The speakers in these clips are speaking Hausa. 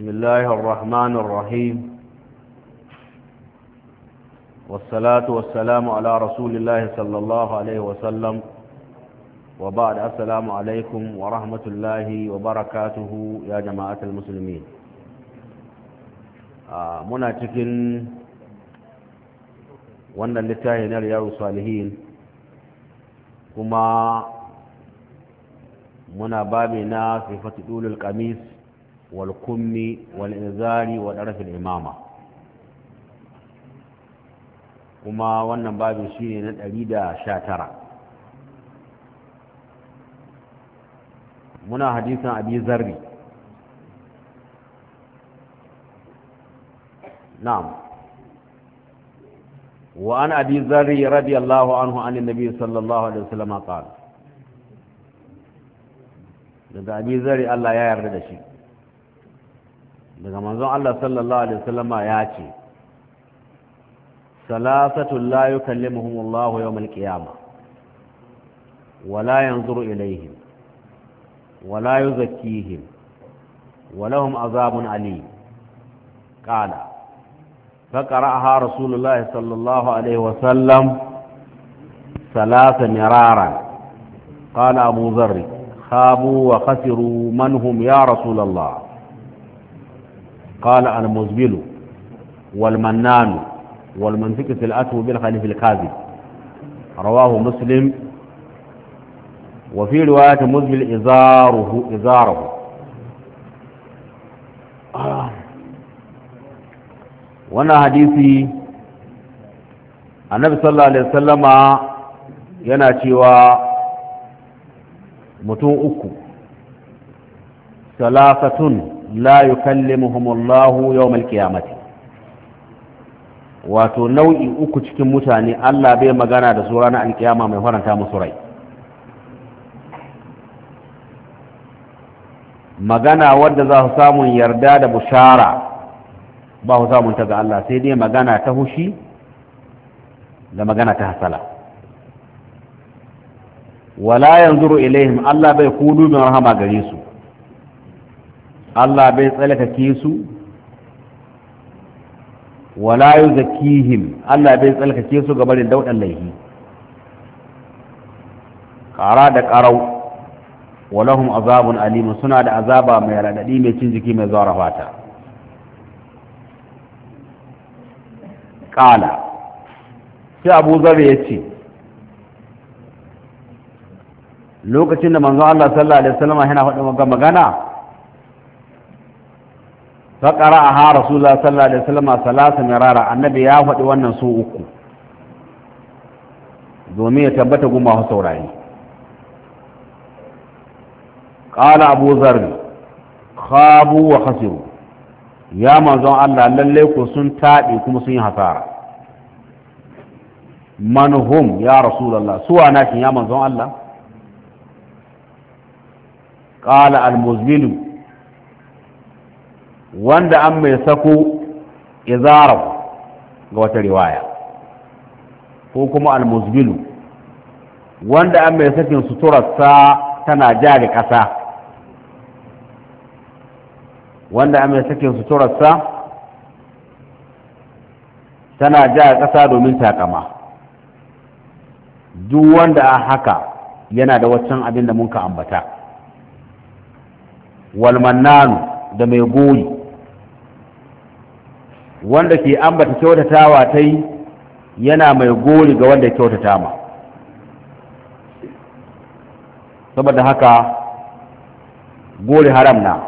بسم الله الرحمن الرحيم والصلاة والسلام على رسول الله صلى الله عليه وسلم وبعد السلام عليكم ورحمة الله وبركاته يا جماعة المسلمين آه، منا تكن وانا لتاهي نريا الصالحين كما منا بابنا في فتدول القميص والكم والإنذار والعرف الإمامة وما وانا باب شيء نتأليد شاترة منا حديثا أبي ذري نعم وعن أبي ذري رضي الله عنه عن النبي صلى الله عليه وسلم قال لذا أبي ذري الله يا يرد شيء daga manzon Allah sallallahu alaihi wasallama ya ce salasatul la yukallimuhumullahu yawmal qiyamah wala yanzuru ilaihim wala yuzakkihim ولهم عذاب عليم قال فقرأها رسول Sallallahu alaihi الله عليه وسلم ثلاث مرارا قال أبو ذر خابوا وخسروا من هم قال المزبل والمنان والمنفق الأتو بالخليف الكاذب رواه مسلم وفي رواية مزبل إزاره إزاره وانا حديثي النبي صلى الله عليه وسلم yana cewa mutum uku يكلمهم الله يوم القيامة wato nau'i uku cikin mutane Allah bai magana da su ranar alkiyama mai faranta musu rai magana wadda za su samun yarda da bushara ba su samun ta ga Allah sai dai magana ta hushi da magana ta hasala wala yanzuru ilaihim Allah bai kudu bin rahama gare su Allah bai ke su wala zakihim Allah bai ke su ga barin daudan laihi ƙara da ƙarau walahum azabun alimun suna da azaba mai raɗaɗi mai cin jiki mai zuwa fata ƙala sai abu zarra ya ce lokacin da manzon Allah sallallahu alaihi wasallam yana faɗin magana فقرأها رسول الله صلى الله عليه وسلم ثلاث مرارا annabi ya فدي wannan su uku domin ya tabbata gumma hu saurayi قال ابو ذر خابوا وخسروا يا manzon Allah lalle ku sun tabi kuma sun yi hasara man hum ya rasulullah suwa nakin ya manzon Allah al-muzbilu. wanda an mai sako izarau ga wata riwaya ko kuma almusbilu wanda an mai sakin suturarsa tana ja da ƙasa wanda an mai sakin suturarsa tana ja da ƙasa domin takama duk wanda a haka yana da waccan abin da mun ka ambata walmannanu da mai goyi wanda ke ambata kyautatawa ta yi yana mai gori ga wanda kyautata ma saboda haka gori haram na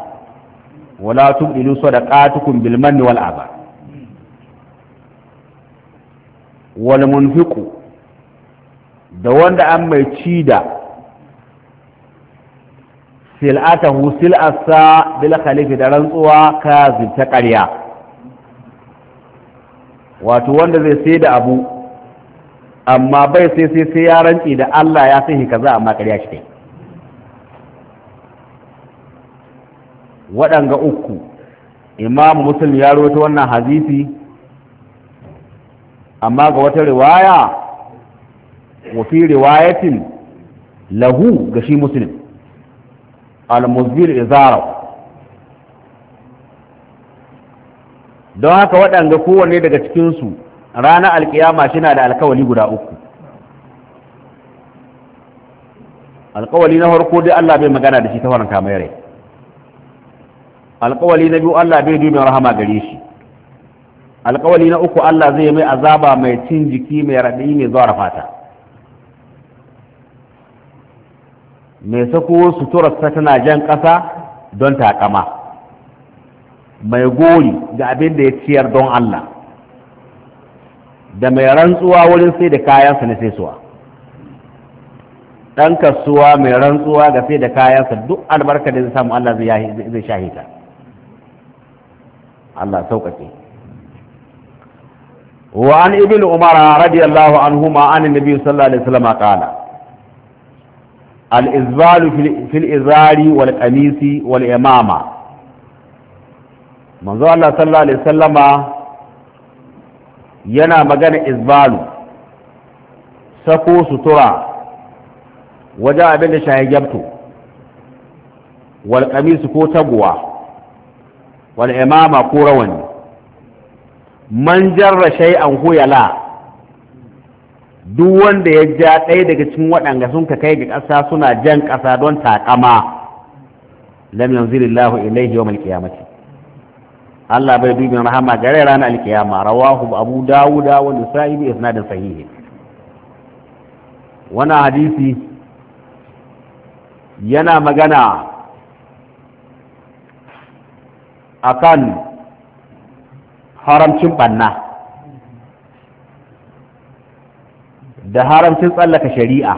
wala so da katukun bilman ni wal'aba wani munfiku da wanda an mai ci da sil'atahu sil'asa bil khalifi da rantsuwa ka ta ƙarya wato wanda zai sai da abu amma bai sai sai sai ya rantsi da Allah ya sai kaza amma ƙarya shi kai waɗanga uku imam muslim ya rawaito wannan hadisi amma ga wata riwaya wa fi riwayatin lahu ga shi muslim al muzbir izara don haka waɗanda kowanne daga cikinsu ranar alkiyama shi na da alkawali guda uku alkawali na farko dai Allah bai magana da shi ta wani kamar rai alkawali na biyu Allah bai dubin rahama gare shi alkawali na uku Allah zai mai azaba mai cin jiki mai raɗi mai zuwa fata mai sako ta tana jan ƙasa don ƙama. mai gori ga abin da ya ciyar don Allah da mai rantsuwa wurin sai da kayansa na saisuwa ɗan kasuwa mai rantsuwa ga sai da kayansa duk albarka da zai samu Allah zai shahita Allah sauƙaƙe wa an ibn umar radiyallahu ma an nabi sallallahu alaihi wasallam qala al izbal fil izari wal qamisi wal imama manzo Allah sallallahu alaihi sallama yana magana izbalu sako sutura wajen abin da shaye gyabto wal ko taguwa wal imama ko rawani man jarra shay'an huyala duk wanda ya ja ɗaya daga cikin waɗanda sun ka kai ga ƙasa suna jan ƙasa don taƙama lam yanzilillahu ilaihi yawmal qiyamati Allah bai dubin rahama gare ranar alkiyama rawahu abu dawuda wa nisa'i bi isnadin sahihi Wani hadisi yana magana akan haramcin banna da haramcin tsallaka shari'a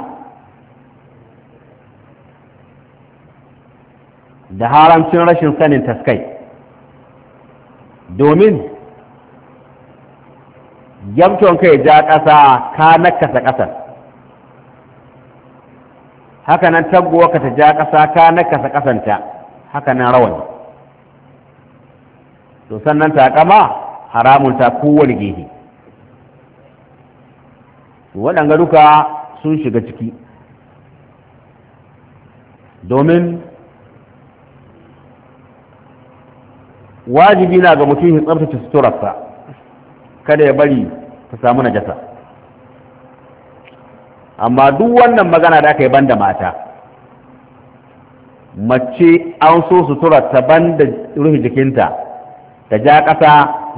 da haramcin rashin sanin taskai domin yamton kai ja ƙasa ka nakasa ƙasar haka nan taguwa ka ta ja ƙasa ka nakasa ƙasanta haka nan rawan to sannan ƙama, haramun ta kowane gehe waɗanga duka sun shiga ciki domin wajibi na ga mutum ya tsabtace suturarsa kada ya bari ta samu najasa amma duk wannan magana da aka yi banda mata mace an so suturar ta banda ruhi jikinta ta ja ƙasa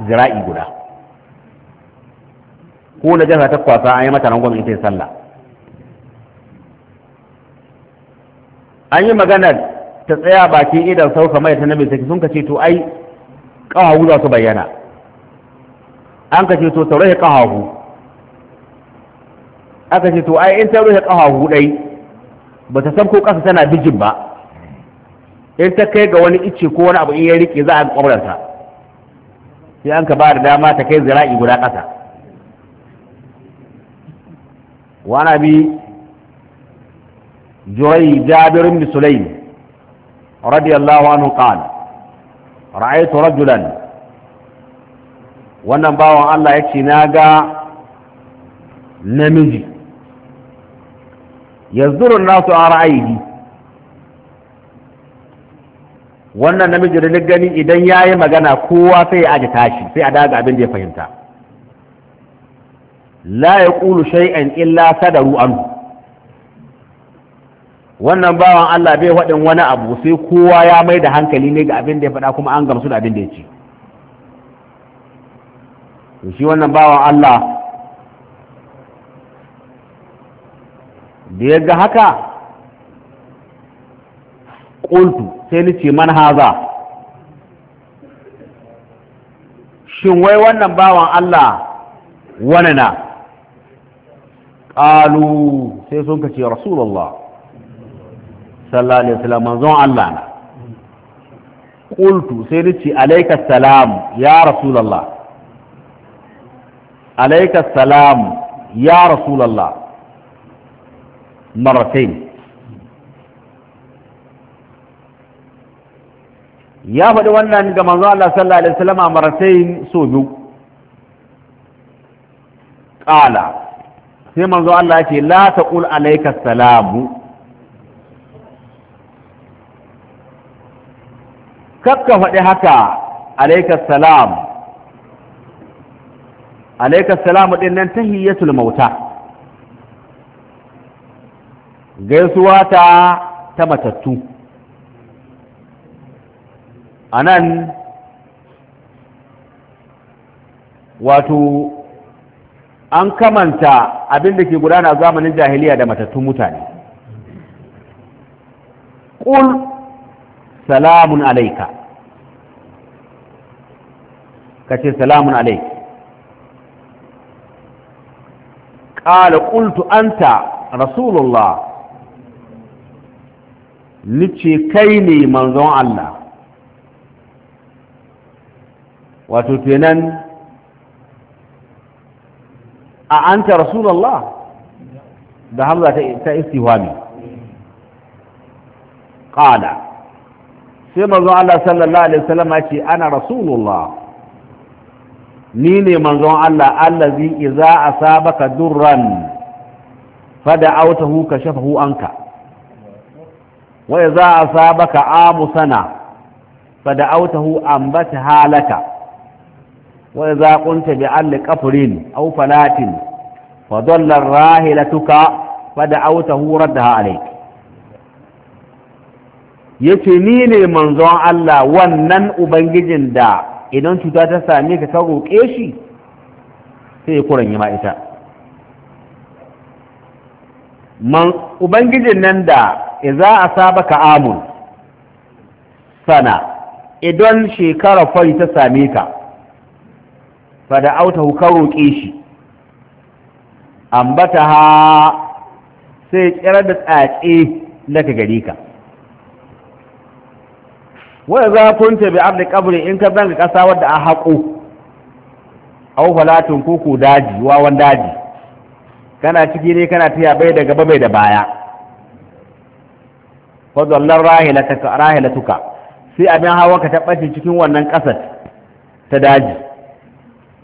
zira'i guda ko na jasa ta kwasa an yi mata rangon ita yi sallah an yi maganar ta tsaya bakin idan sauka mai ta nabi sun ka ce to ai ƙawawu za su bayyana an ka to ta rahe ƙawawu aka ce to ai in ta rahe ƙawawu ɗai ba ta sabko ƙasa tana bijin ba in ta kai ga wani icce ko wani abu in ya rike za a ƙwabrarta sai an ka ba da dama ta kai zira'i guda ƙasa wani bi jurai jabirin bisulai radiyallahu anhu qala ra'aytu rajulan wannan bawan Allah yake na ga namiji yazdurun nasu a ra'ayi wannan namiji da gani idan ya yi magana kowa sai ya ji tashi sai a daga abin da ya fahimta la ya ƙulu shay'an illa sadaru anhu wannan bawan Allah bai waɗin wani abu sai kowa ya mai da hankali ne ga abin da ya faɗa kuma an gamsu da abin da ya ce to shi wannan bawan Allah da ya ga haka ƙuntu sai ni ce man haza shin wai wannan bawan Allah wani na ƙalu sai sun ka ce rasulallah sallallahu alaihi wasallam manzon Allah na qultu sai nace alayka salam ya rasulullah alayka salam ya rasulullah marratayn ya faɗi wannan ga manzon Allah sallallahu alaihi wasallam marratayn so biyu qala sai manzo Allah ya ce la taqul alayka salamu kakka faɗi haka alaikar salam alaikar salam ɗin nan ta mauta gaisuwa ta ta matattu a nan wato an kamanta abin da ke gudana zamanin jahiliya da matattun mutane ƙul salamun alaika ka ce salamun alaik ƙala ƙultu anta rasulullah nice kai ne manzon Allah wato kenan a anta rasulullah da hamza ta istihwami ƙala sai manzon Allah sallallahu alaihi wasallam ce ana rasulullah ni ne manzon Allah allazi iza asabaka durran autahu kashafahu anka wa iza asabaka amusana autahu ambata halaka wa iza qunta bi'alli qafrin aw falatin dalla rahilatuka autahu raddaha alayk yace ni ne manzon Allah wannan ubangijin da idan cuta ta same ka ta roƙe shi sai ya kuranye ma ita man ubangijin nan da za a saba ka amun sana idan shekara fari ta same ka fada auta ka roƙe shi ambata ha sai kirar da tsatse daga gari ka wa za ta bi abdi kabri in ka zanga kasa wadda a haƙo aw falatun kuku daji wawan daji kana ciki ne kana tiya bai da gaba bai da baya fa dallar rahilatuka rahilatuka sai abin hawa ka tabbace cikin wannan kasar ta daji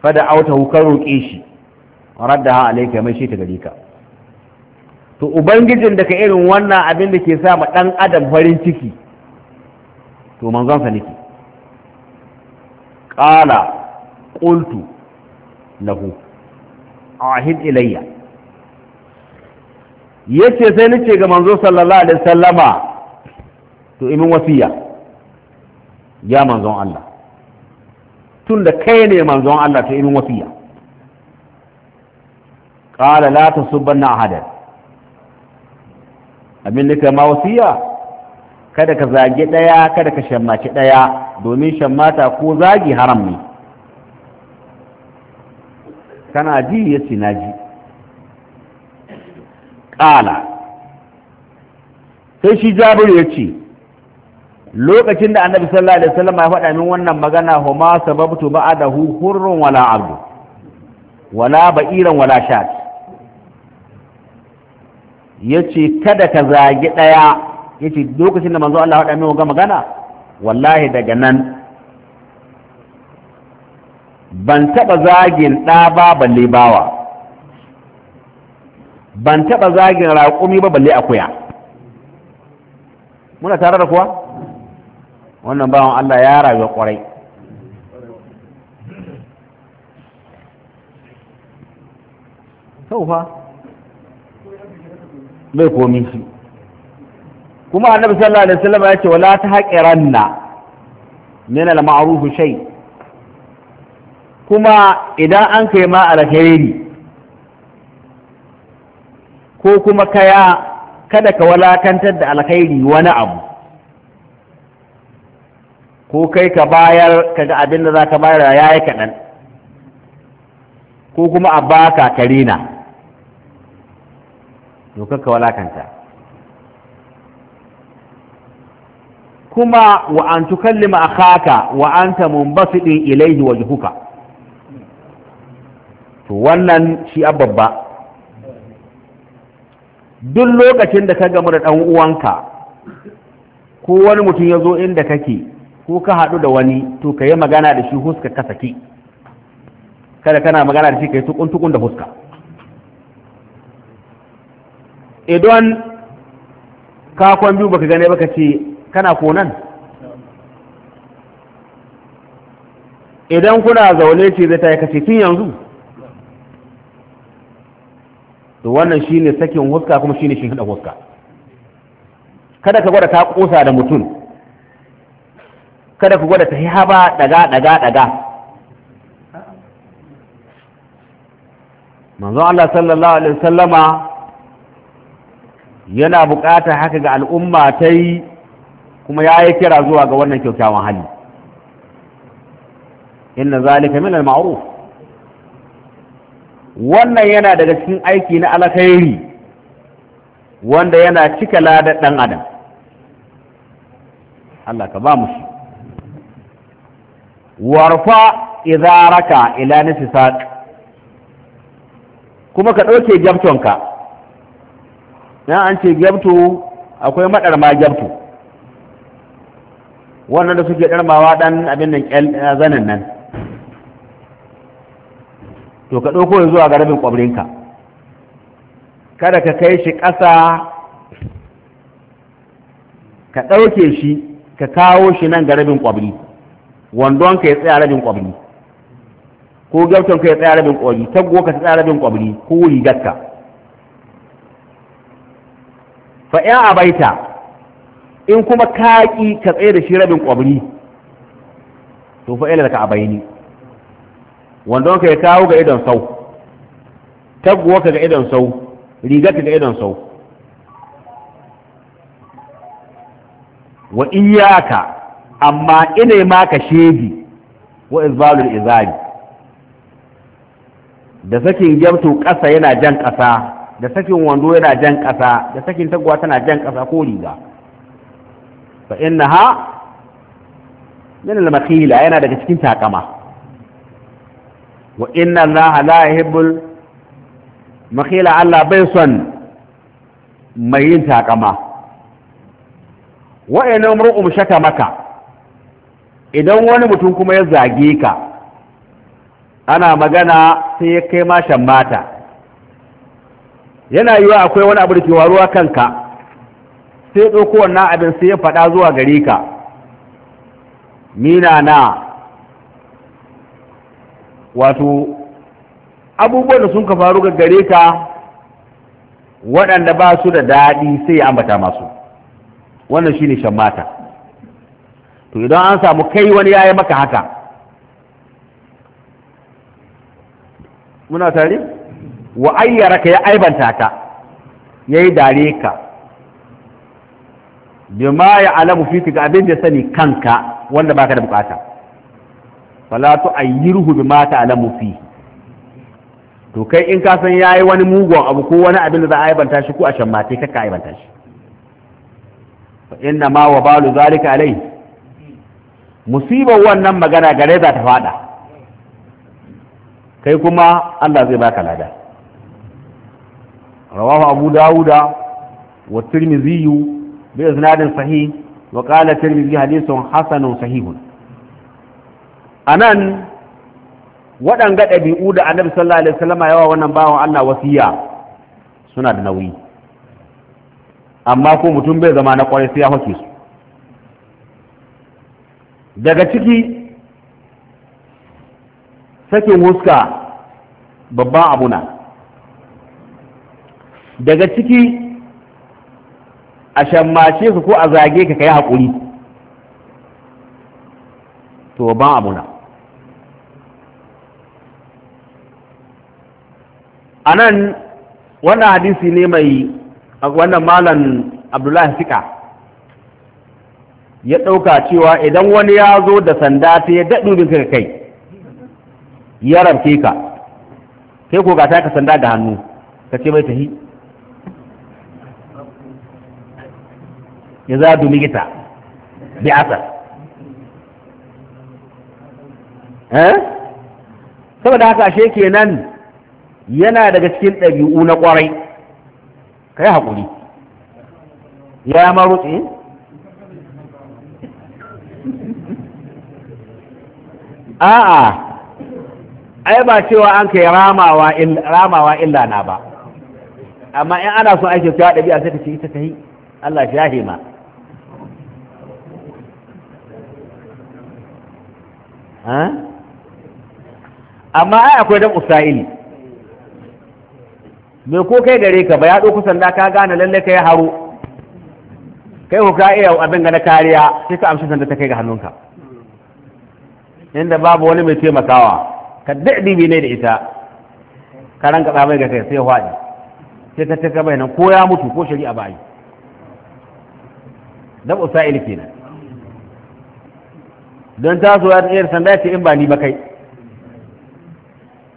fa da auta hukar roƙe shi ha alayka mai shi ta gare ka to ubangijin da ka irin wannan abin da ke sa ma dan adam farin ciki to manzon sa nake qala qultu lahu ahid ilayya yace sai nace ga manzo sallallahu alaihi wasallama to imin wasiya ya manzon Allah tun da kai ne manzon Allah to imin wasiya qala la tasubbanna ahada abin ka ma wasiya kada ka zage ɗaya kada ka shammaci ɗaya domin shammata ko zagi haram ne kana ji ya ce na ji ƙala sai shi jabir ya ce lokacin da annabi sallallahu alaihi wasallam ya faɗa min wannan magana huma sababtu ba'dahu hurrun wala abdu wala ba'iran wala shat yace kada ka zagi ɗaya yace lokacin da manzo Allah ya faɗa magana wallahi daga nan ban taɓa zagin da ba balle bawa ban taɓa zagin raƙumi ba balle akuya muna tare da kuwa wannan bawan Allah ya rayu sau fa bai komi shi kuma annabi sallallahu alaihi wasallam ya ce wala ta na? min al-ma'ruf shay kuma idan an kai ma alkhairi ko kuma kaya kada ka walakantar da alkhairi wani abu ko kai ka bayar kaga abin da za bayar ya yi kaɗan ko kuma a baka karina to kakka walakanta kuma wa an tukallima akhaka wa anta munbasidin ilayhi wajhuka to wannan shi babba duk lokacin da ka gamu da dan uwanka ko wani mutum ya zo inda kake ko ka haɗu da wani to ka yi magana da shi huska ka saki kada kana magana da shi ka yi tukun-tukun da huska idan kakon biyu baka gane baka ce kana konan idan kuna zaune ce zai ta yi kashe tun yanzu to wannan shine sakin huska kuma shi ne shi hada huska kada ka gwada ta kosa da mutum kada ka gwada ta yi haba daga daga daga manzo Allah sallallahu alaihi wasallama yana bukata haka ga al'umma ta yi kuma ya yi kira zuwa ga wannan kyaukyawan hali inna zalika min al-ma'ruf wannan yana daga cikin aiki na alkhairi wanda yana cika lada dan adam Allah ka ba mu shi warfa raka ila nisaq kuma ka ɗauke gabtonka dan an ce gyabto akwai maɗar ma wannan da suke ɗarmawa ɗan abin nan eh, zanen nan to ka ɗauko ya zuwa garabin ƙwabrinka kada ka kai shi ƙasa ka ɗauke shi ka kawo shi nan garabin rabin ƙwabri wandon ka ya tsaya rabin ƙwabri ko gautan ka ya tsaya rabin ƙwabri taggo ka tsaya rabin ƙwabri ko rigarka fa ya abaita in kuma kaƙi ka tsaye da shi rabin ƙwabri to fa ila ka bayani wanda ka ya kawo ga idon sau taguwa ka ga idon sau rigar ga idon sau wa in yaka, amma ina ma ka shedi wa izbalul izari da sakin gyamto ƙasa yana jan ƙasa da sakin wando yana jan ƙasa da sakin taguwa tana jan ƙasa ko riga fa innaha yana daga cikin takama wa inna allaha la yuhibbul makhila Allah bai son mai yin takama wa inna mar'um maka, idan wani mutum kuma ya zage ka ana magana sai ya kai mashan mata yana yiwa akwai wani abu da ke waruwa kanka sai ɗauko wannan abin sai ya faɗa zuwa gare ka mina na wato abubuwan da sun ka faru ga gare ka waɗanda ba su da daɗi sai ya ambata masu wannan shi ne shammata to idan an samu kai wani ya yi maka haka muna tare wa ayyara ka ya aibanta ka ya yi dare ka bima ya alamu fiki ga abin da sani kanka wanda baka da bukata fala tu ayyirhu bima ta alamu fi to kai in ka san yayi wani mugun abu ko wani abin da za a aibanta shi ko a shammate ka aibanta shi fa inna ma wa balu zalika alai musibar wannan magana gare za ta fada kai kuma Allah zai baka lada rawahu abu dawuda wa tirmidhi بإذناد صحيح وقال الترمذي حديث حسن صحيح anan waɗanga ɗabi'u da annabi sallallahu alaihi wasallam yawa wannan bawan Allah wasiya suna da nauyi amma ko mutum bai zama na kwarai sai ya hake su daga ciki sakin huska babban abuna daga ciki a shammace su ko a zage ka kai haƙuri to ban abuna a nan wannan hadisi ne mai wannan malam abdullahi sika ya ɗauka cewa idan wani ya zo da sanda ta ya daɗu ka kai ya rabke ka sai ko ga ta ka sanda da hannu ka ce mai tahi ya za du ligita bi asar saboda haka ashe kenan yana daga cikin ɗabi'u na ƙwarai kai haƙuri ya marutse a'a ai ba cewa an kai ramawa illa na ba amma in ana son aiki cewa ɗabi'a sai ta ce ita ta yi Allah ya hima amma ai akwai dan usaili me ko kai gare ka ba ya ɗauku sanda ka gane lalle kai haro kai ko ka iya abin ga na kariya sai ka amshi sanda ta kai ga hannunka inda babu wani mai taimakawa ka daɗi ne da ita ka ranka tsamai ga kai sai hwaɗi sai ka taka bayanan ko ya mutu ko shari'a ba yi dan usaili kenan don ta so ya yadda sanda ce in ba ni ba kai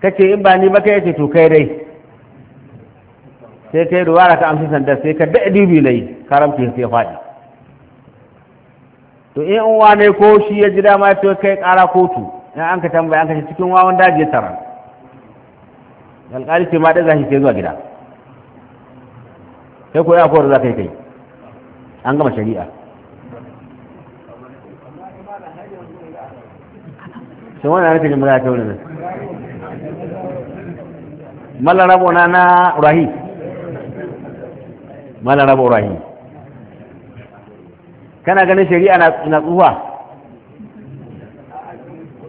kace in ba ni ba kai ce to kai dai sai kai ruwa ka amsa sanda sai ka da dubi lai karamci sai faɗi to in in wane ko shi ya ji dama to kai ƙara kotu in an ka tambaya an ka cikin wawan daji ya tara alƙali ce ma ɗaga shi sai zuwa gida sai ko ya kowar za ka yi kai an gama shari'a sun wani ana tajin mura ta wuri nan mallan rabo na na rahi mallan rabo rahi kana ganin shari'a na tsufa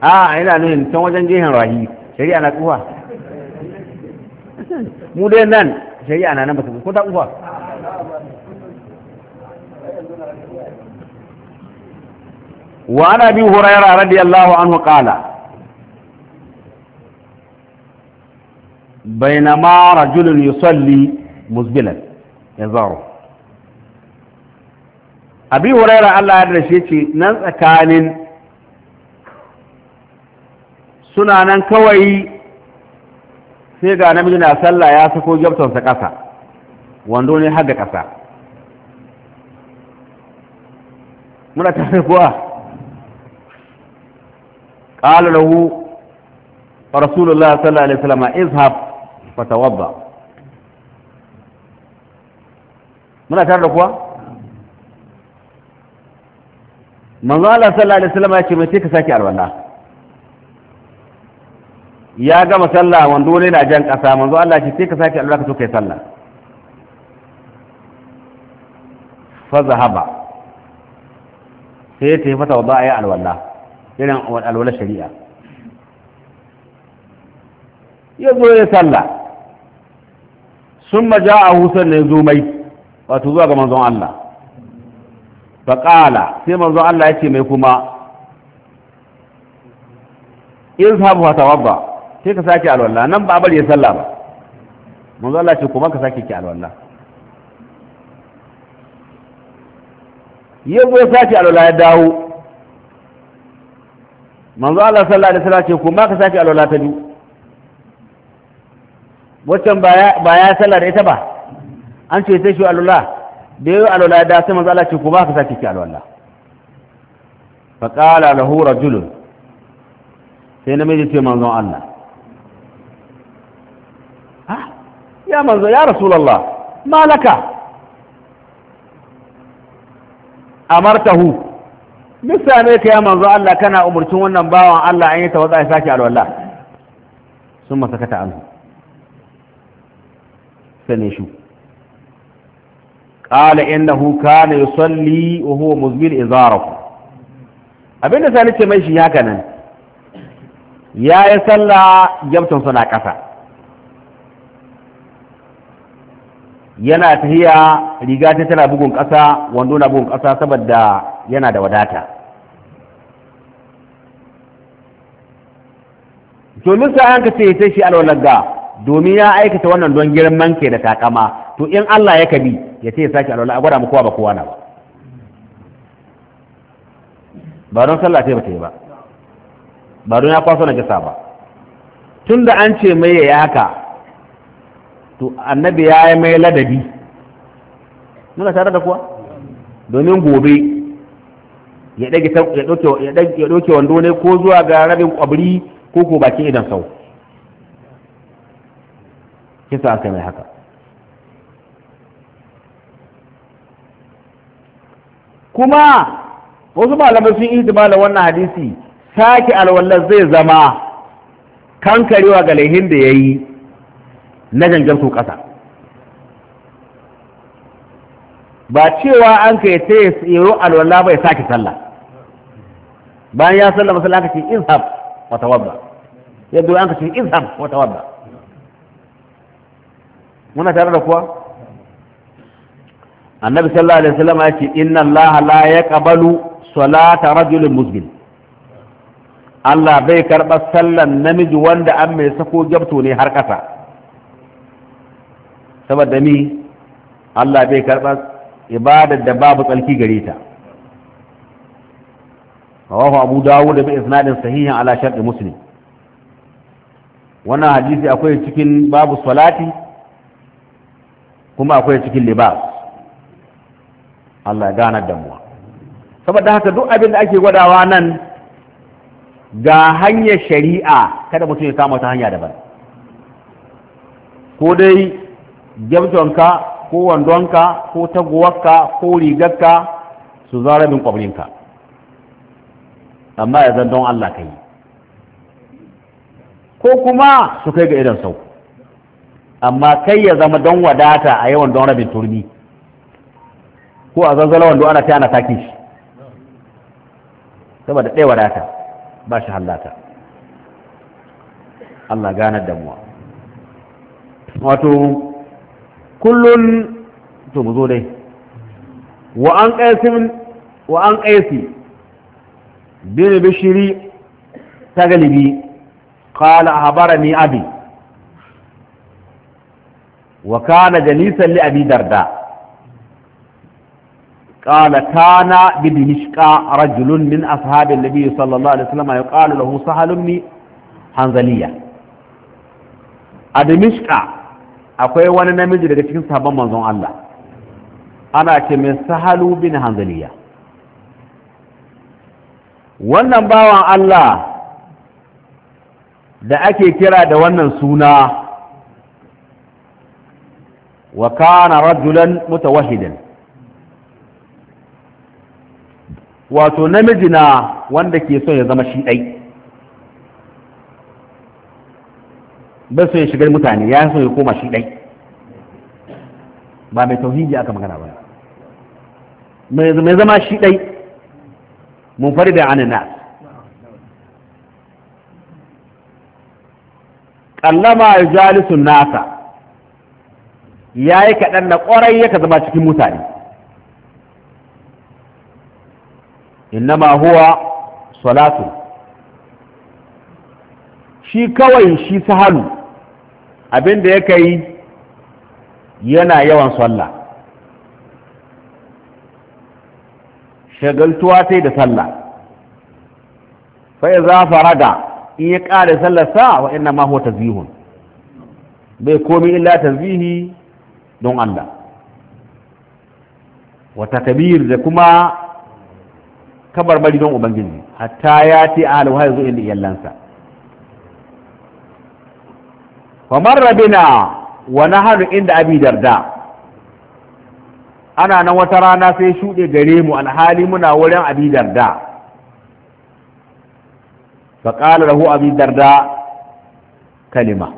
a ina nuhin can wajen jihin rahi shari'a na tsufa mu dai nan shari'a na nan ba su ko ta tsufa وعن ابي هريره رضي الله عنه قال بينما رجل يصلي مزبلا يزاره ابي هريره الله يرضى عليه نان تسكانين suna nan kawai sai ga namiji na sallah ya sako gabtonsa ƙasa wando ne har da ƙasa muna tafi kuwa قال له رسول الله صلى الله عليه وسلم اذهب فتوضا muna tare da kuwa manzo Allah sallallahu alaihi wasallam ya ce mai ka saki alwala ya gama sallah wando ne na jan kasa manzo Allah ce sai ka saki alwala ka to kai sallah fa zahaba sai ta yi fata wada'a ya alwala yana alwala shari'a ya zo ya sallah sun maja a husar ne zo mai wato zuwa ga manzon Allah faƙala sai manzon Allah ya ce mai kuma in sabu wata wabba sai ka sake alwallah nan ba bari ya sallah ba manzon Allah ce kuma ka sake ki alwallah ya zo ya sake alwallah ya dawo manzo Allah sallallahu alaihi wasallam ce ko ma ka sake alwala ta biyu waccan ba ya sallar ita ba an ce sai shi alwala da yayi alwala da sai manzo Allah ce ko ba ka sake ki alwala fa qala lahu rajul sai namiji ce manzon Allah ha ya manzo ya rasulullah malaka amartahu duk ne ka ya manzo Allah kana umurcin wannan bawan Allah an yi tawadda ya sake alwala sun kata anhu sane shu qala innahu kana yusalli wa huwa muzmil Abin abinda sani ce mai shi haka nan ya yi sallah jamtun suna ƙasa yana tahiya riga ta tana bugun ƙasa wando na bugun ƙasa saboda yana da wadata to lissa an ka ce sai shi alwalaga domin ya aikata wannan don girman ke da takama to in Allah ya kabi ya ce ya sake alwala a gwada mu kowa ba kowa na ba ba don sallah ce ba ta yi ba ba don ya kwaso na jasa ba tun da an ce mai ya haka to annabi ya yi mai ladabi muna tare da kuwa domin gobe ya dage ya doke ya dage ya doke wando ne ko zuwa ga rabin kwabri ko ko bakin idan sau kisa aka mai haka kuma wasu malamai sun yi da wannan hadisi sake alwallar zai zama kankarewa ga laihin da ya yi na gangan su ƙasa ba cewa an kai ta ta yi alwallah bai sake sallah bayan ya sallama sallah aka ce izhab wa tawadda yadda an ka ce izhab wa tawadda muna tare da kuwa annabi sallallahu alaihi wasallam ya ce inna Allah la yaqbalu salata rajulin muslim Allah bai karɓar sallan namiji wanda an mai sako gyabto ne har ƙasa saboda ni Allah bai karɓar ibadar da babu tsalki gare ta rawahu abu dawud bi isnadin sahihin ala shartu muslim wannan hadisi akwai cikin babu salati kuma akwai cikin libas Allah ganar da mu saboda haka duk abin da ake gwadawa nan ga hanyar shari'a kada mutum ya kama ta hanya daban ko dai gyamtonka ko wandonka ko taguwarka ko rigarka su zara bin kwabrinka amma ya zan don Allah ka yi ko kuma su kai ga idan sau amma kai ya zama don wadata a yawan don rabin turmi ko a zanzala wanda ana ta ana taki shi saboda ɗaya wadata ba shi hallata Allah ganar da muwa wato kullun to mu zo dai wa an qasim wa an qaisi بن بشري تغلبي قال أخبرني أبي وكان جليسا لأبي درداء قال كان بدمشق رجل من أصحاب النبي صلى الله عليه وسلم يقال له سهل بن حنزلية أدمشق akwai wani نمجد لكي cikin sahabban الله أنا كمن سهل بن حنزلية wannan bawan Allah da ake kira da wannan suna wa kana rajulan mutawahidan wato namiji na wanda ke so ya zama shi ɗai ba so ya shigar mutane ya so ya koma shi ɗai ba mai tauhidi aka magana ba mai zama shi ɗai منفردا عن الناس قلما jalisun nasa yayi kaɗan na ƙwarai yaka zama cikin mutane innama huwa salatu shi kawai shi sahalu abinda yake yi yana yawan sallah shagaltuwa ta da sallah fa iza faraga in ya ƙara sallar sa wa inna ma huwa tazihun bai komi illa tazihi don Allah wa takbir da kuma kabarbari don ubangiji hatta ya ce ahal wa yazo inda iyalansa Kamar marra bina wa nahanu inda abi darda ana nan wata rana sai shuɗe gare mu alhali muna wurin abi darda fa qala lahu abi darda kalima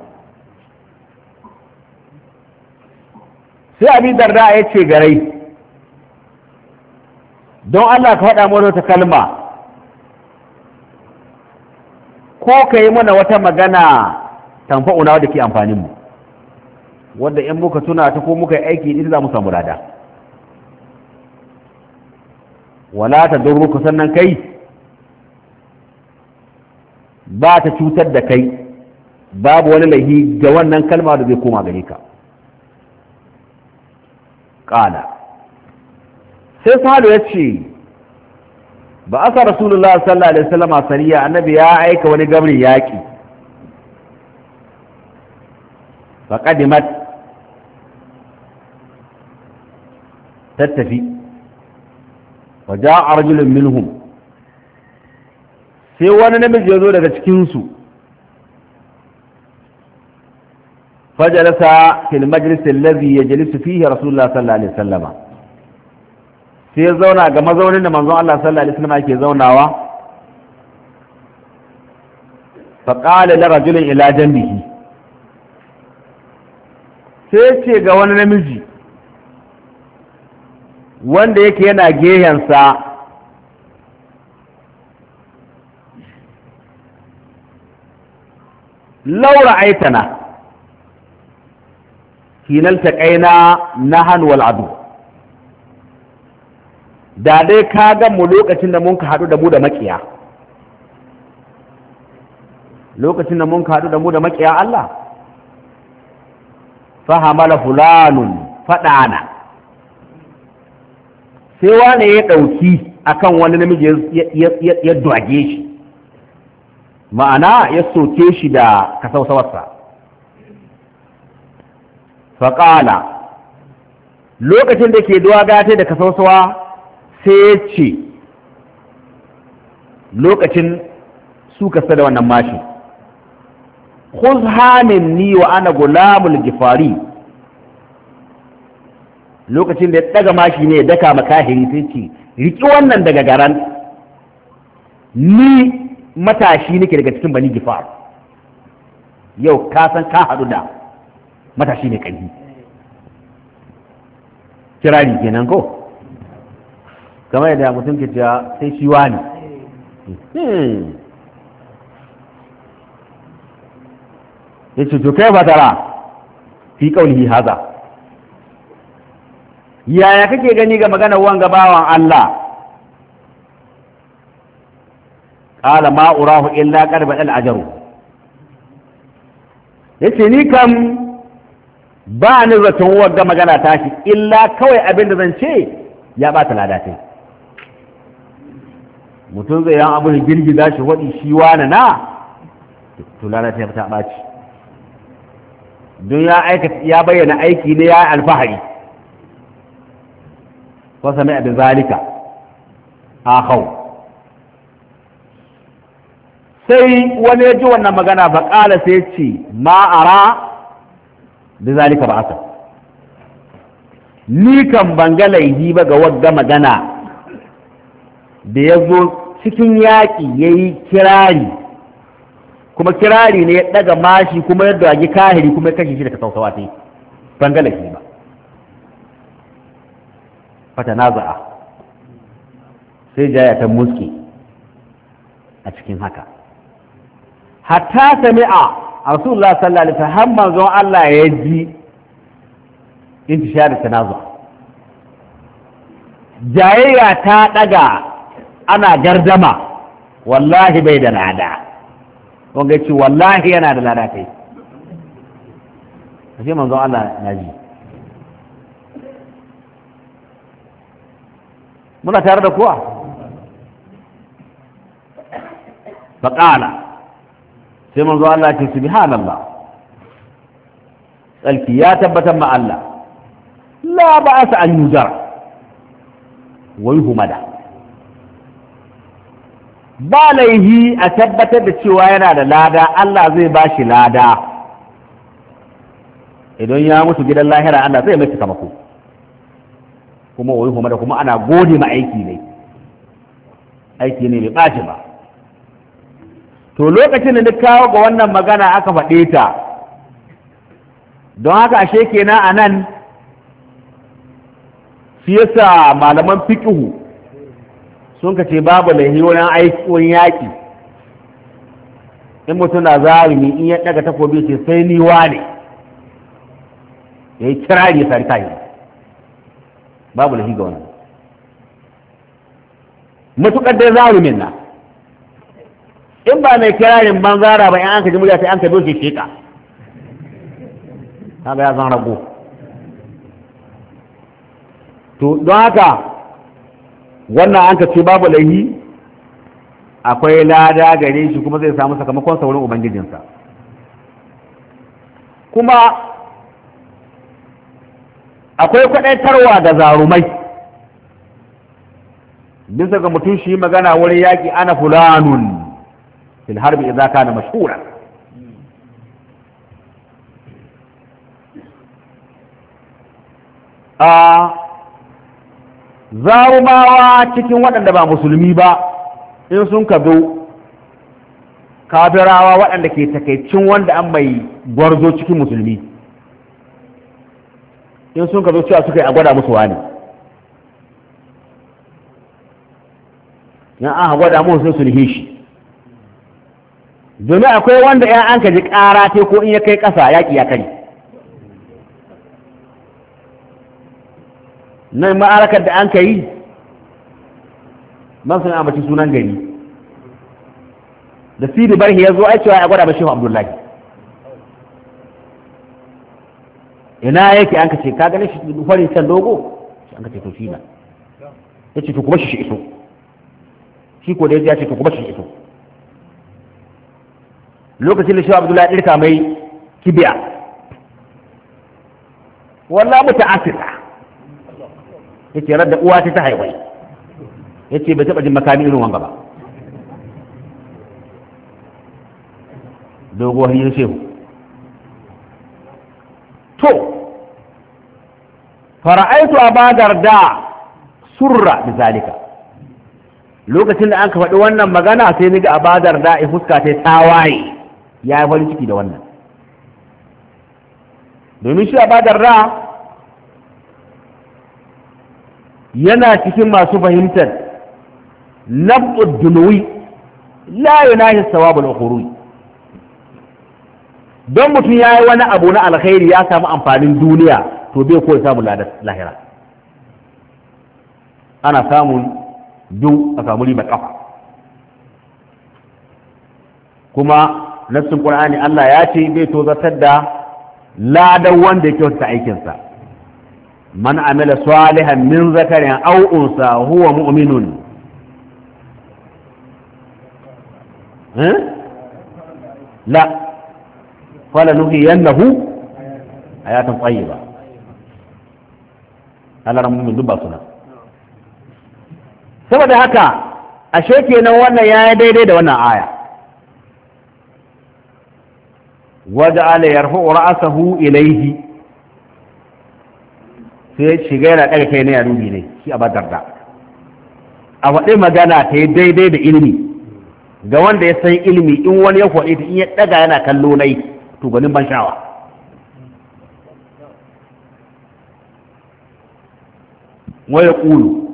sai abi darda ya ce garai don Allah ka faɗa mana wata kalma ko ka yi mana wata magana tamfa'una wadda ke amfaninmu wadda in muka tuna ta ko muka yi aiki ita za mu samu rada. wala ta ku sannan kai ba ta cutar da kai babu wani lahi ga wannan kalma da zai koma gare ka ƙala sai salo ya ce ba a sa rasulullah sallallahu alaihi wasallam sariya annabi ya aika wani gabrin yaƙi faƙadimat tattafi fa ja'a rajulun minhum sai wani namiji ya zo daga cikinsu fajalasa fil majalisin lazi ya jalisu fihi rasulullah sallallahu alaihi wasallama sai ya zauna ga mazaunin da manzon Allah sallallahu alaihi wasallama ke zaunawa fa qala la rajulin ila janbihi sai ce ga wani namiji wanda yake yana gehensa laura aitana hinal ta kaina na hannuwal adu da dai ka gan mu lokacin da mun ka haɗu da mu da makiya lokacin da mun ka haɗu da mu da makiya Allah fahamala fulanun faɗana sai wane ya ɗauki a kan wani namiji ya dwage shi ma'ana ya soke shi da kasausawarsa faƙala lokacin da ke dwaga ta da kasausawa sai ya ce lokacin su kasa da wannan mashi khuzha ni wa ana gulamul gifari lokacin da ya daga mashi ne ya daka makahiri sai ce riki wannan daga garan ni matashi nake daga cikin bani gifar yau ka san ka haɗu da matashi mai ƙarfi kirari kenan ko kamar yadda mutum ke cewa sai shi wani hmm. ya ce to kai fatara fi kaulihi haza yaya kake gani ga maganar wanga bawan Allah qala ma urahu illa qad badal Ya yace ni kam ba ni zaton wanga magana tashi illa kawai abin da zan ce ya ta ladatai mutum zai yan abin girgiza shi waɗi shi wani na to ladatai ta ɓaci don ya bayyana aiki ne ya alfahari Zalika a آخر sai wani ya ji wannan magana ba ƙala sai ce ma'ara da zalika ba asa ni kan banga ba ga wadda magana da ya zo cikin yaƙi ya yi kirari kuma kirari ne ya ɗaga mashi kuma ya dagi kahiri kuma ya kashe shi daga sausawa sai banga laihi ba fatanaza'a sai jaya ta muske a cikin haka hatta sami'a rasulullah sallallahu alaihi wasallam manzon Allah ya ji intishar tanazu jayayya ta daga ana gardama wallahi bai da lada wanga ce wallahi yana da lada kai sai manzon Allah na ji muna tare da kuwa? faƙala sai manzo Allah ce subhanallah tsalki ya tabbatar ma Allah la ba asa an yujar wai humada ba laihi a tabbatar da cewa yana da lada Allah zai ba shi lada idan ya mutu gidan lahira Allah zai mai sakamako kuma wani kuma da kuma ana gode ma aiki ne aiki ne bai ɓaci ba to lokacin da duk kawo ga wannan magana aka faɗe ta don haka ashe kenan a nan shi yasa malaman fiƙihu sun ka ce babu mai wani aiki wani yaƙi in mutum na zarumi in ya ɗaga takobi ce sai ni ne ya yi kirari sarkahi babu lahi ga wannan matukar dai zalumin na in ba mai kirarin banzara ba in an ka ji murya sai an ka doke sheka kaga ya zan rago to don haka wannan an ka ce babu lahi akwai lada gare shi kuma zai samu sakamakon saurin ubangijinsa kuma akwai kwaɗaitarwa da zarumai bisa ga mutum shi magana wurin yaƙi ana fulanun fil harbi idza kana mashhura a zarumawa cikin waɗanda ba musulmi ba in sun ka zo kafirawa waɗanda ke takaicin wanda an mai gwarzo cikin musulmi in sun ka zo cewa suka yi a gwada musu wani yan an gwada musu sun sulhi shi domin akwai wanda yan an ka ji ƙara te ko in ya kai ƙasa yaƙi ya kai nan ma'arakar da an ka yi ban sun amince sunan gari da siri barhi ya zo ai cewa ya gwada mashi abdullahi ina yake an kace ka gane shi farin can dogo shi an kace to shi na yace to kuma shi shi iso shi ko da ya ce to kuma shi shi iso lokacin da shi Abdullahi dirka mai kibiya walla ya yace radda uwa ta ta haihuwa yace bai taɓa jin makami irin wanga ba dogo hanyar shehu to fara'aitu abadar da surra zalika lokacin da an ka faɗi wannan magana sai ni ga abadar da ya fuska ta tawaye ya yi farin ciki da wannan domin shi a abadar da yana cikin masu fahimtar nabtu dunuwi la yunahi sawabul khuruj don mutum ya yi wani abu na alkhairi ya samu amfanin duniya to bai kowai samun lahira ana samun biyu a samu riba ƙafa. kuma nassin ƙur'ani Allah ya ce bai tozartar da ladan wanda ya kyautata aikinsa man amila salihan min zakarin aw unsa huwa mu'minun eh? la falanuhiyannahu hayatan tayyiba Allah ran mun duba suna saboda haka ashe kenan wannan yayi daidai da wannan aya waja'ala yarfa'u ra'sahu ilayhi sai shiga yana ɗaga kai na yarubi ne shi a badar da a faɗi magana ta yi daidai da ilimi ga wanda ya san ilimi in wani ya faɗi ta in ya ɗaga yana kallo nai to gwanin ban sha'awa waya ƙulu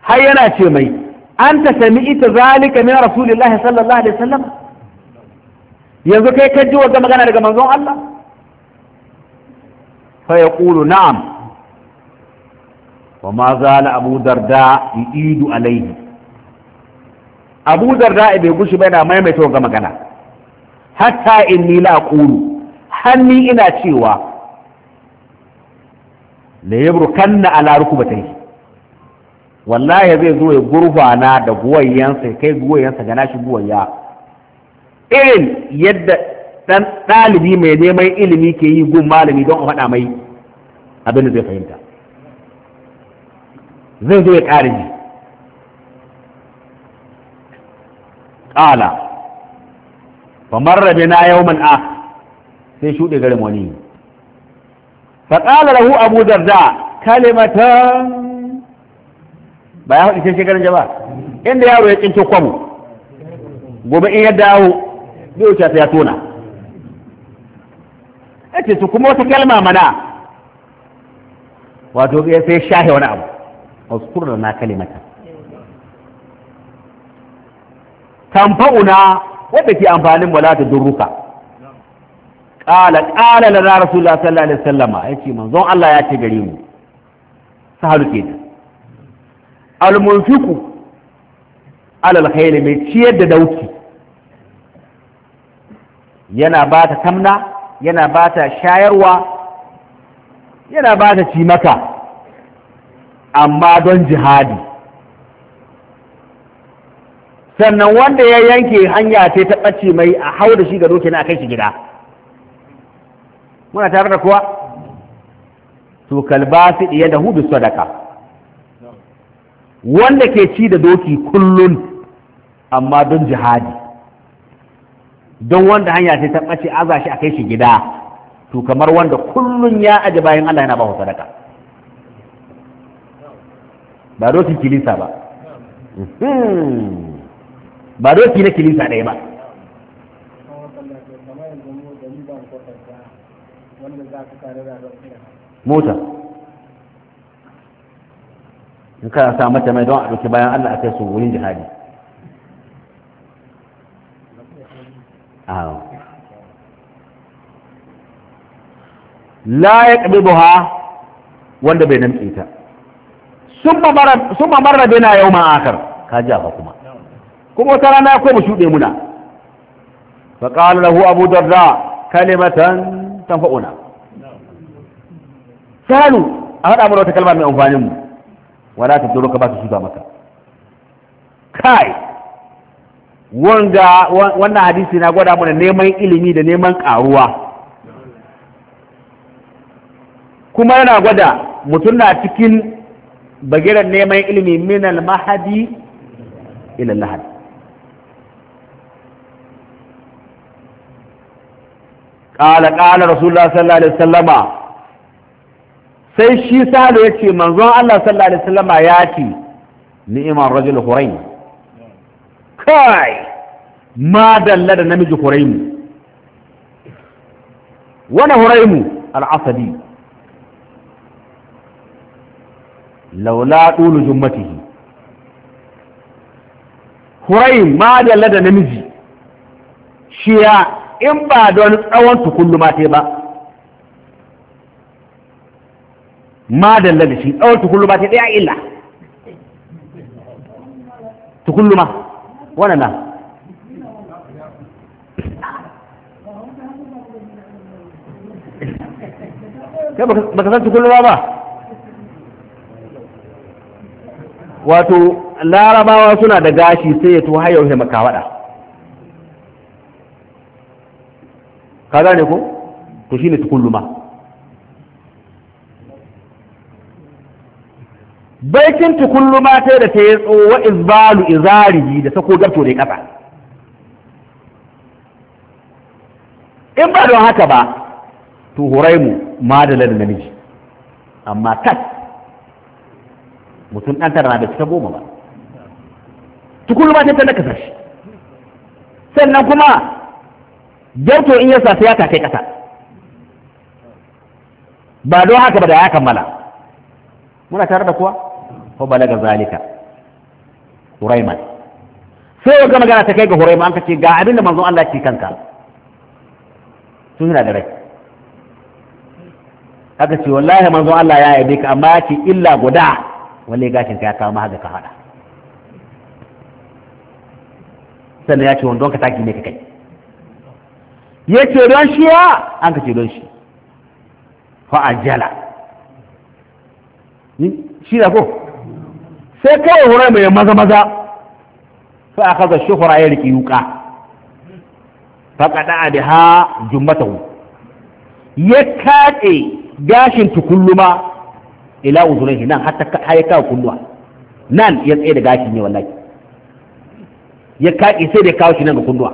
har yana ce mai an ta sami ita zalika min rasulillahi sallallahu alaihi wasallam yanzu kai ka ji wata magana daga manzon Allah fa ya ƙulu na'am wa ma zala abu darda yi idu alaihi abu darda bai gushi bai na maimaita wata magana hatta inni la qulu hanni ina cewa la yabrukanna ala yi, wallahi zai zo ya na da guwayensa ya kai guwayensa ga nashi guwaya irin yadda dan ɗalibi mai neman ilimi ke yi gun malami don a faɗa mai abin da zai fahimta zai zo ya ƙari ƙala fa na yau yawman a ah. sai shuɗe garin wani ne. qala abu darda kalimatan ba ya hudu shi garin jaba inda yaro ya kince kwamu gobe in yadda yawo zai wuce ta ya tona ce su kuma wata kalma mana wato ya sai shahe wani abu kurna na kalimata kamfa'una wadda ke amfanin wala ta ƙala qala qala lana rasulullah sallallahu alaihi wasallama yace manzon Allah ya ce gare mu sahalu ke al munfiku ala al khayl mai ciyar da dauki yana ba ta tamna yana ba ta shayarwa yana ba ta cimaka amma don jihadi sannan wanda ya yanke hanya sai ta ɓace mai a hau da shi ga doki na kai shi gida muna tare da kuwa to kalba su iya da hudu sadaka wanda ke ci da doki kullun amma don jihadi don wanda hanya sai ta ɓace aza shi a kai shi gida to kamar wanda kullun ya aje bayan Allah yana ba sadaka ba dokin kilisa ba hmm. ba doki na kilisa ɗaya ba mota in kana sa mata mai don a ɗauki bayan Allah a kai su wurin jihadi la ya ƙabi buha wanda bai namke ta sun mamara bina yau ma'akar ka a kuma kuma wata rana ko mu shuɗe muna fa qala lahu abu darda kalimatan tanfa'una salu a hada mu wata kalma mai amfani mu wala ta duro ka ba su shuɗa maka kai wanda wannan hadisi na gwada mana neman ilimi da neman karuwa kuma yana gwada mutum na cikin bagiran neman ilimi minal mahadi ila lahadi ƙala ƙala rasulullah sallallahu alaihi wasallama sai shi salo ya ce manzon Allah sallallahu alaihi wasallama ya ce ni'imar rajul hurain kai ma dalla da namiji huraimu wani huraimu al'asadi laula ɗulu jummatihi huraim ma dalla da namiji shi ya in ba don tsawon tukullu ma te ba ma da lalashi tsawon tukullu ma te ɗaya illa tukullu ma wane na kai baka san tukullu ma ba wato larabawa suna da gashi sai ya tuwa yau makawaɗa ka gane ko to shine tukulluma baikin tukulluma ta da ta yi tsowa izbalu izarihi da sako garto da kafa in ba don haka ba to huraimu madala da namiji amma tas mutum ɗan tara da cika goma ba tukulluma ta ta na kasashe sannan kuma jarto in yasa sai ya kai kasa ba don haka ba da ya kammala muna tare da kuwa ko balaga zalika huraiman sai ga magana ta kai ga huraiman an kace ga abin da manzon Allah ke kanka sun yana da rai aka ce wallahi manzon Allah ya yi ka amma ce illa guda wani gashin ka ya kawo mahaga ka hada sannan ya ce wanda ka taki ne ka kai ya ce don shi ya an ka ce don shi Fa ajala shi da ko sai kawai hura mai maza maza fa aka ga shuhura ya riki yuka fa kada da ha jumbatahu ya kaɗe gashin tukulluma ila uzurihi nan hatta har ya kawo kulluwa nan ya tsaye da gashin ne wallahi ya kaɗe sai da kawo shi nan ga kulluwa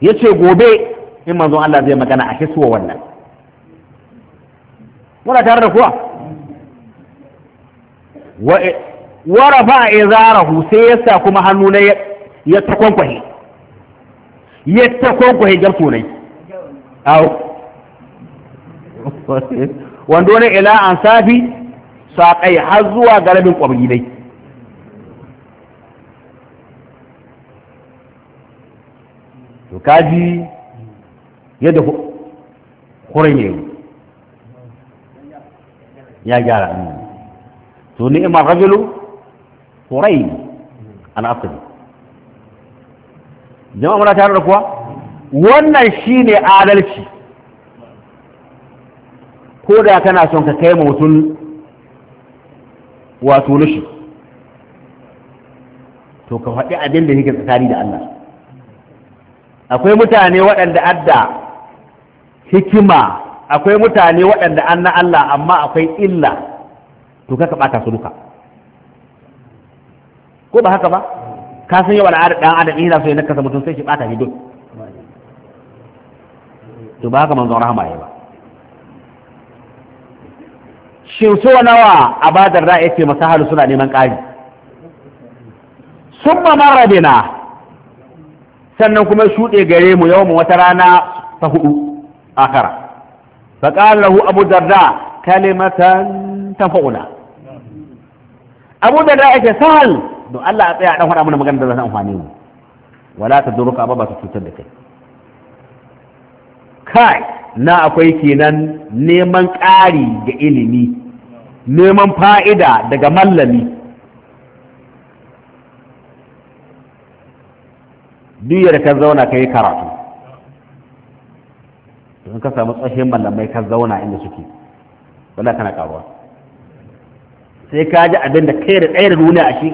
ya ce gobe in manzon Allah zai magana a hisuwa wannan muna tare da kuwa wa rafa izarahu sai ya sa kuma hannu na ya ta kwankwahi ya ta kwankwahi gar sunai au wando ne ila an safi kai har zuwa garabin ƙwabri dai to kaji yadda kuren yi ya gyara mm. to ni ima rajulu kurai an asali jama'a muna tare da kuwa wannan shi ne adalci ko da kana son ka kai mutum wato nishi to ka faɗi abin da yake tsakani da Allah akwai mutane waɗanda adda hikima akwai mutane waɗanda an na Allah amma akwai illa to kaka ɓata su duka ko ba haka ba ka san yawa al'ada ɗan adam ina so ya nakasa mutum sai shi ɓata shi duk to ba haka manzon rahama ya ba shin so nawa a badar da ce masahalu suna neman ƙari summa marabina sannan kuma shuɗe gare mu yawon wata rana ta hudu kara. faƙar lahu abu darda kalimatan tafa'una abu darda yake sahal don Allah a tsaya dan faɗa mana magana da zan amfani mu wala ta duruka ba ba ta cutar da kai kai na akwai kenan neman ƙari ga ilimi neman fa'ida daga mallami duk da ka zauna ka yi karatu sun ka samu tsohon malamai ka zauna inda suke wala kana karuwa sai ka ji abin da kai da tsayar duniya a shi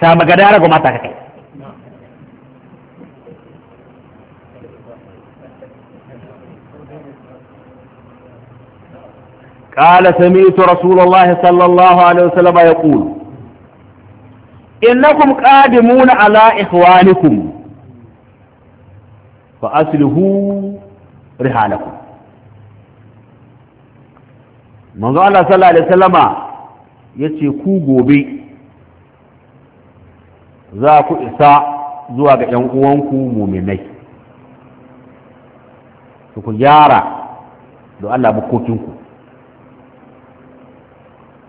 sa magadara goma ta kai قال سمعت رسول الله صلى الله عليه وسلم يقول innakum qadimuna ala ihwanikum fa aslihu rihalakum manzo Allah sallallahu alaihi wasallama yace ku gobe za ku isa zuwa ga ƴan uwanku muminai su ku gyara da Allah bukokinku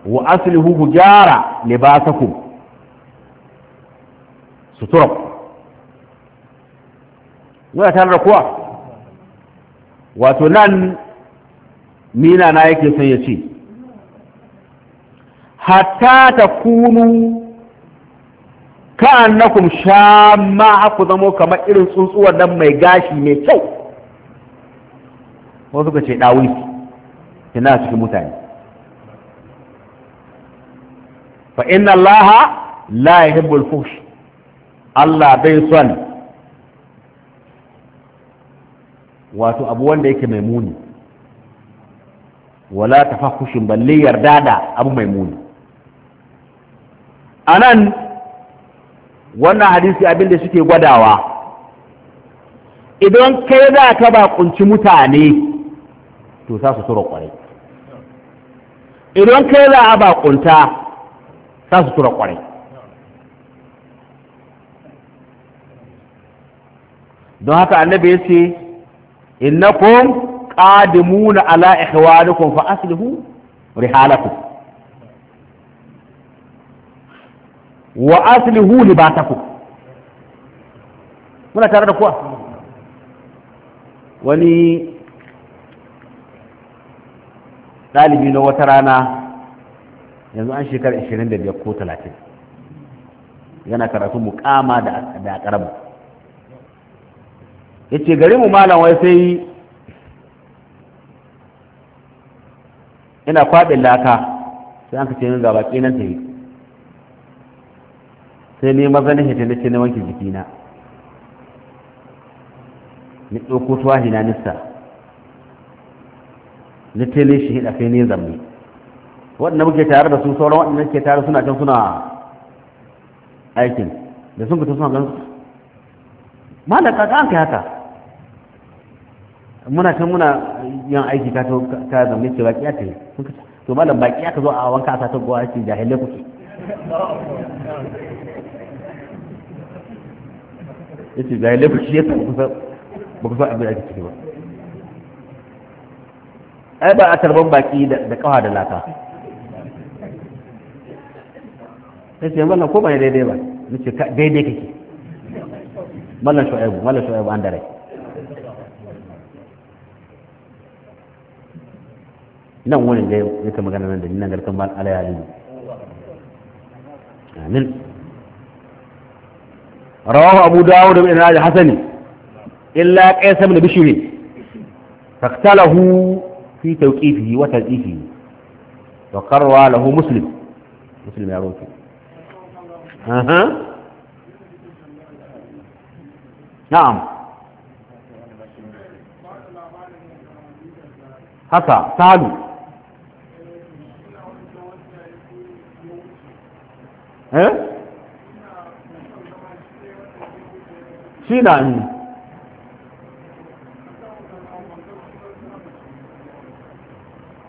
wa aslihu ku gyara libasakum suturan muna ta da kuwa wato nan nina na yake son ya ce hatta ta kunu ka'annakum shamma haku zamo kamar irin tsuntsuwar nan mai gashi mai kyau Ko suka ce ɗawi kina cikin mutane fa inna allaha la yuhibbul fuhsh Allah bai son wato abu wanda yake mai muni wala tafahushin balle yarda da abu mai muni anan wannan hadisi abin da suke gwadawa idan kai za ka bakunci mutane to sa su tura kwarai idan kai za a bakunta sa su tura kwarai don haka annabi ya ce innakum qadimuna ala ihwanikum fa aslihu rihalakum wa aslihu libatakum muna tare da kuwa wani ɗalibi na wata rana yanzu an shekar 25 ko 30 yana karatu mukama da ƙaramu ya ce gari mu malam wai sai ina kwaɗin laka sai an ka ce min gaba ƙinan ta yi sai ni maza na hita na ce na wanke jikina ni ɗauko tuwa na nista ni tele shi hida sai ne zamme waɗanda muke tare da su sauran waɗanda ke tare suna can suna aikin da sun fito suna ganin malaka ka an kai haka muna can muna yin aiki ka ka zamne ce baki ta to malam baki aka zo a wanka a sata gowa ce jahilai kuke yace jahilai kuke yasa ba ku san abin da ake ciki ba ai ba a tarban baki da kawa da laka ya ce mallan ko ba daidai ba ce daidai kake mallan shu'aibu mallan shu'aibu an da rai nan wurin da yake magana nan da nan garkan mal alayali amin rawahu abu dawud ibn al hasani illa qais ibn bishr faktalahu fi tawqifihi wa tadhifihi wa qarwa lahu muslim muslim ya rawaito aha na'am haka salu Eh? shi na yi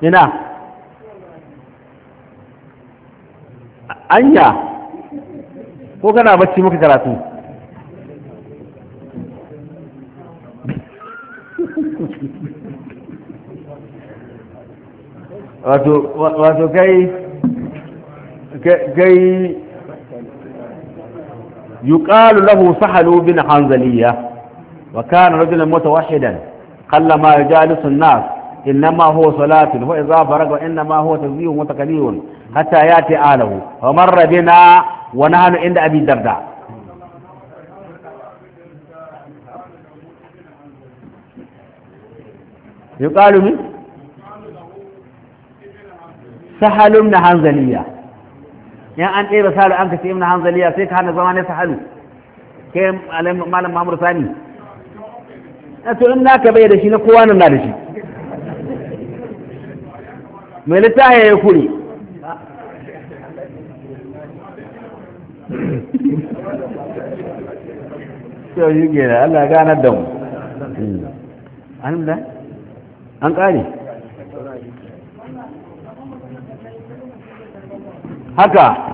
ina anya ko kana bacci muka karatu wato kai kai يقال له سحل بن حنزلية وكان رجلا متوحدا قل ما يجالس الناس إنما هو صلاة وإذا فرق وإنما هو تزيه متكليه حتى يأتي آله ومر بنا ونحن عند أبي الدرداء يقال من سحل بن حنزليه yan an ɗaya sa da an kashe imna ibn hanzaliya sai ka hana zama na sahalu ke malam mamur sani na to in naka bai da shi na kowa nan na da shi mai littafi ya kure yau yi gina Allah gana da mu an da an ƙari haka